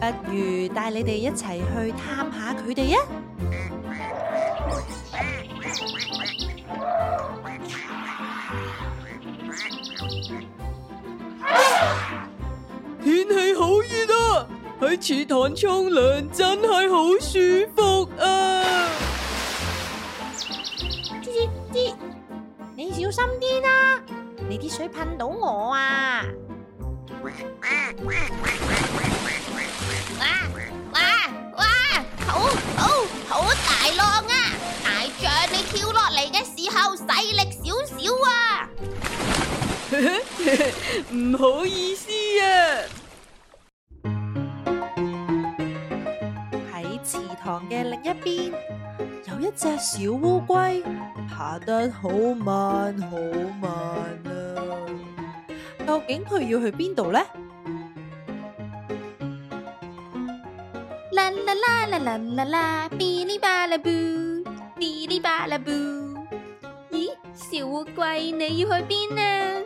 不如帶你哋一齊去探下佢哋啊！天氣好熱啊，喺池塘沖涼真係好舒服啊！啲啲，你小心啲啦，你啲水噴到我啊！唔好意思啊！喺池塘嘅另一邊，有一隻小烏龜爬得好慢好慢啊！究竟佢要去邊度呢？啦啦啦啦啦啦，嗶哩吧啦，嗶哩吧啦，咦，小烏龜，你要去邊啊？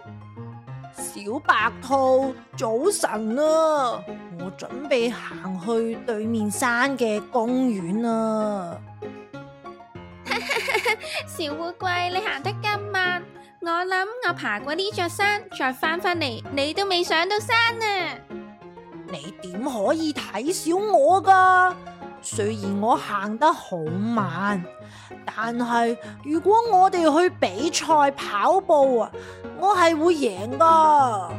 小白兔，早晨啊！我準備行去對面山嘅公園啊！ 小烏龜，你行得咁慢，我諗我爬過呢座山再翻返嚟，你都未上到山啊！你點可以睇小我㗎？雖然我行得好慢，但係如果我哋去比賽跑步啊，我係會贏噶。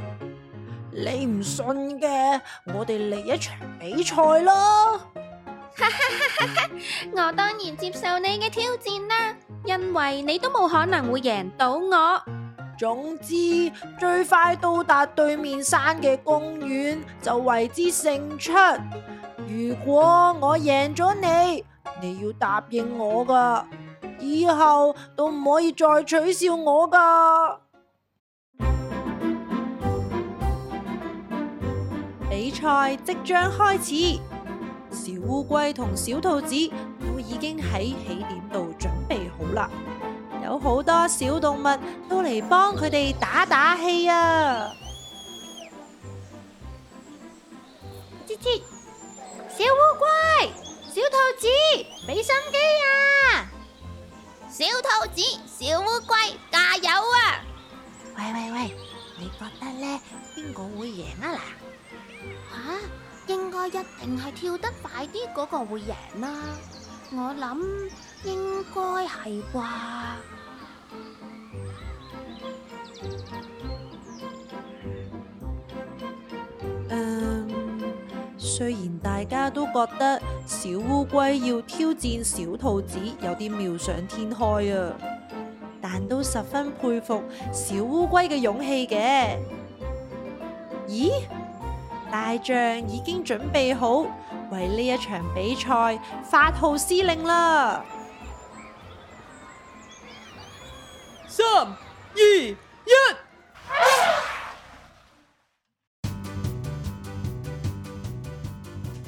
你唔信嘅，我哋嚟一場比賽咯。 我當然接受你嘅挑戰啦，因為你都冇可能會贏到我。總之，最快到達對面山嘅公園就為之勝出。如果我贏咗你，你要答應我噶，以後都唔可以再取笑我噶。比賽即將開始，小烏龜同小兔子都已經喺起點度準備好啦，有好多小動物都嚟幫佢哋打打氣啊！吱吱。小烏龜、小兔子，俾心機啊！小兔子、小烏龜，加油啊！喂喂喂，你覺得呢，邊個會贏啊？嗱，吓，應該一定係跳得快啲嗰個會贏啦，啊。我諗應該係啩。雖然大家都覺得小烏龜要挑戰小兔子有啲妙想天開啊，但都十分佩服小烏龜嘅勇氣嘅。咦，大象已經準備好為呢一場比賽發號施令啦！三二。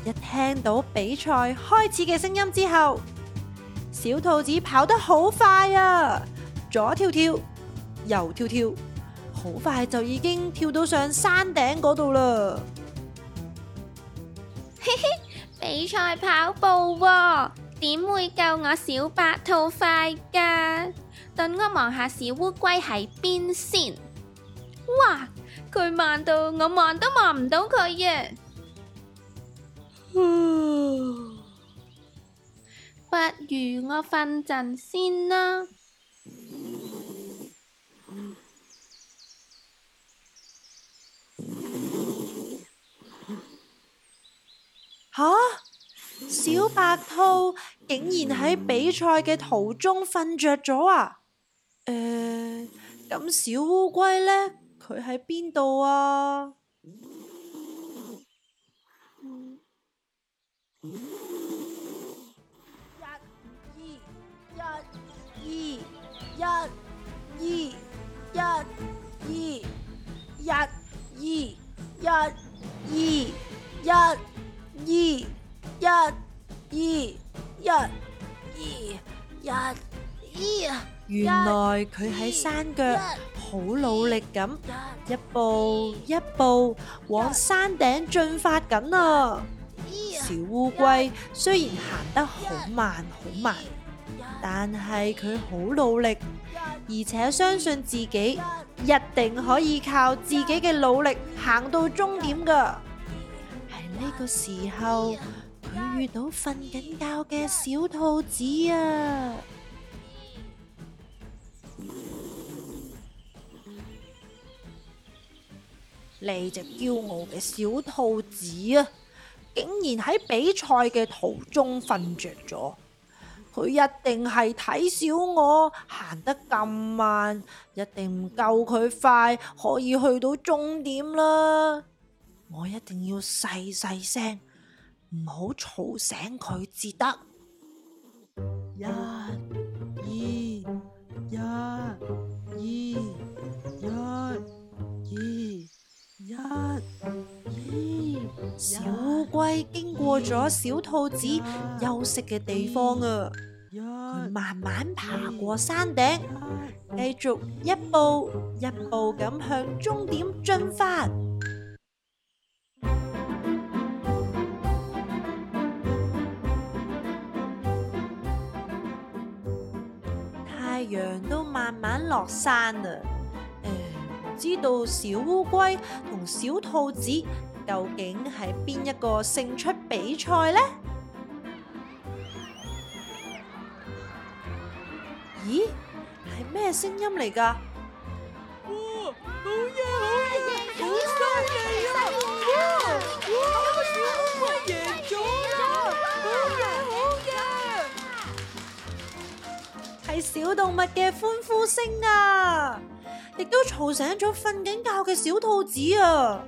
一聽到比賽開始嘅聲音之後，小兔子跑得好快啊！左跳跳，右跳跳，好快就已經跳到上山頂嗰度啦！ 比賽跑步啊，點會夠我小白兔快噶？等我望下小烏龜喺邊先。哇，佢慢到我望都望唔到佢啊！不如我瞓陣先啦。啊？小白兔竟然喺比賽嘅途中瞓着咗啊！誒，啊，咁小烏龜呢？佢喺邊度啊？一二一二一二一二一二一二一二一二一二一二，原來佢喺山腳好努力噉，一步一步往山頂進發緊啊！小烏龜雖然行得好慢好慢，但係佢好努力，而且相信自己一定可以靠自己嘅努力行到終點㗎。喺呢個時候，佢遇到瞓緊覺嘅小兔子啊，嚟隻驕傲嘅小兔子啊！竟然喺比賽嘅途中瞓着咗，佢一定係睇小我行得咁慢，一定唔夠佢快可以去到終點啦。我一定要細細聲，唔好吵醒佢至得。一、二、一、二、一、二、一、二。龜經過咗小兔子休息嘅地方啊，佢慢慢爬過山頂，繼續一步一步咁向終點進發。太陽都慢慢落山啦，誒，唔知道小烏龜同小兔子？究竟係邊一個勝出比賽呢？咦，係咩聲音嚟噶？哇，好嘢，好嘢，好犀利啊！哇哇，有個小動物贏咗啦！好嘢，好嘢，係小動物嘅歡呼聲啊！亦都吵醒咗瞓緊覺嘅小兔子啊！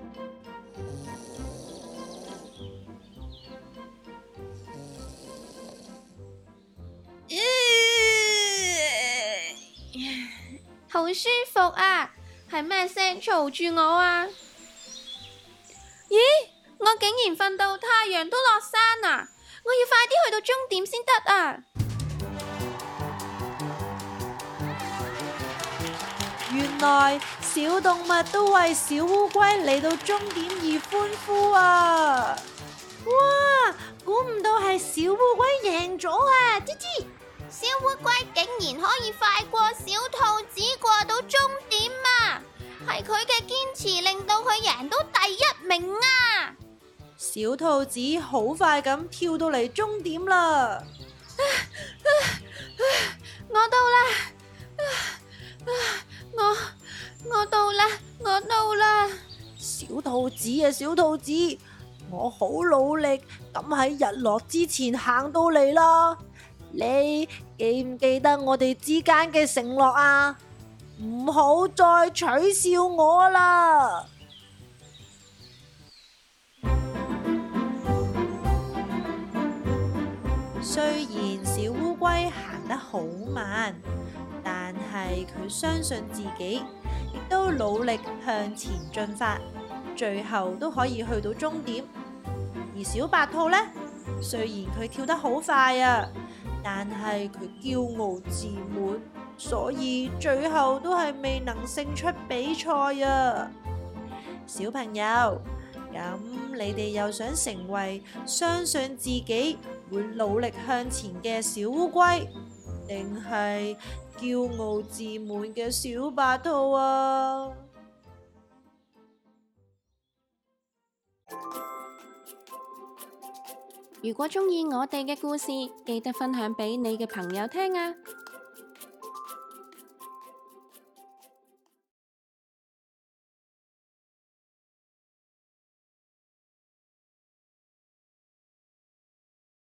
好舒服啊！係咩聲嘈住我啊？咦，我竟然瞓到太陽都落山啊！我要快啲去到終點先得啊！原來小動物都為小烏龜嚟到終點而歡呼啊！哇，估唔到係小烏龜贏咗啊！吱吱。小烏龜竟然可以快過小兔子過到終點啊！係佢嘅堅持令到佢贏到第一名啊！小兔子好快咁跳到嚟終點啦！我到啦！我我到啦！我到啦！小兔子啊，小兔子，我好努力咁喺日落之前行到嚟啦，你？記唔記得我哋之間嘅承諾啊？唔好再取笑我啦！雖然小烏龜行得好慢，但係佢相信自己，亦都努力向前進發，最後都可以去到終點。而小白兔呢？雖然佢跳得好快啊！但係佢驕傲自滿，所以最後都係未能勝出比賽啊！小朋友，咁你哋又想成為相信自己會努力向前嘅小烏龜，定係驕傲自滿嘅小白兔啊？如果中意我哋嘅故事，記得分享俾你嘅朋友聽啊！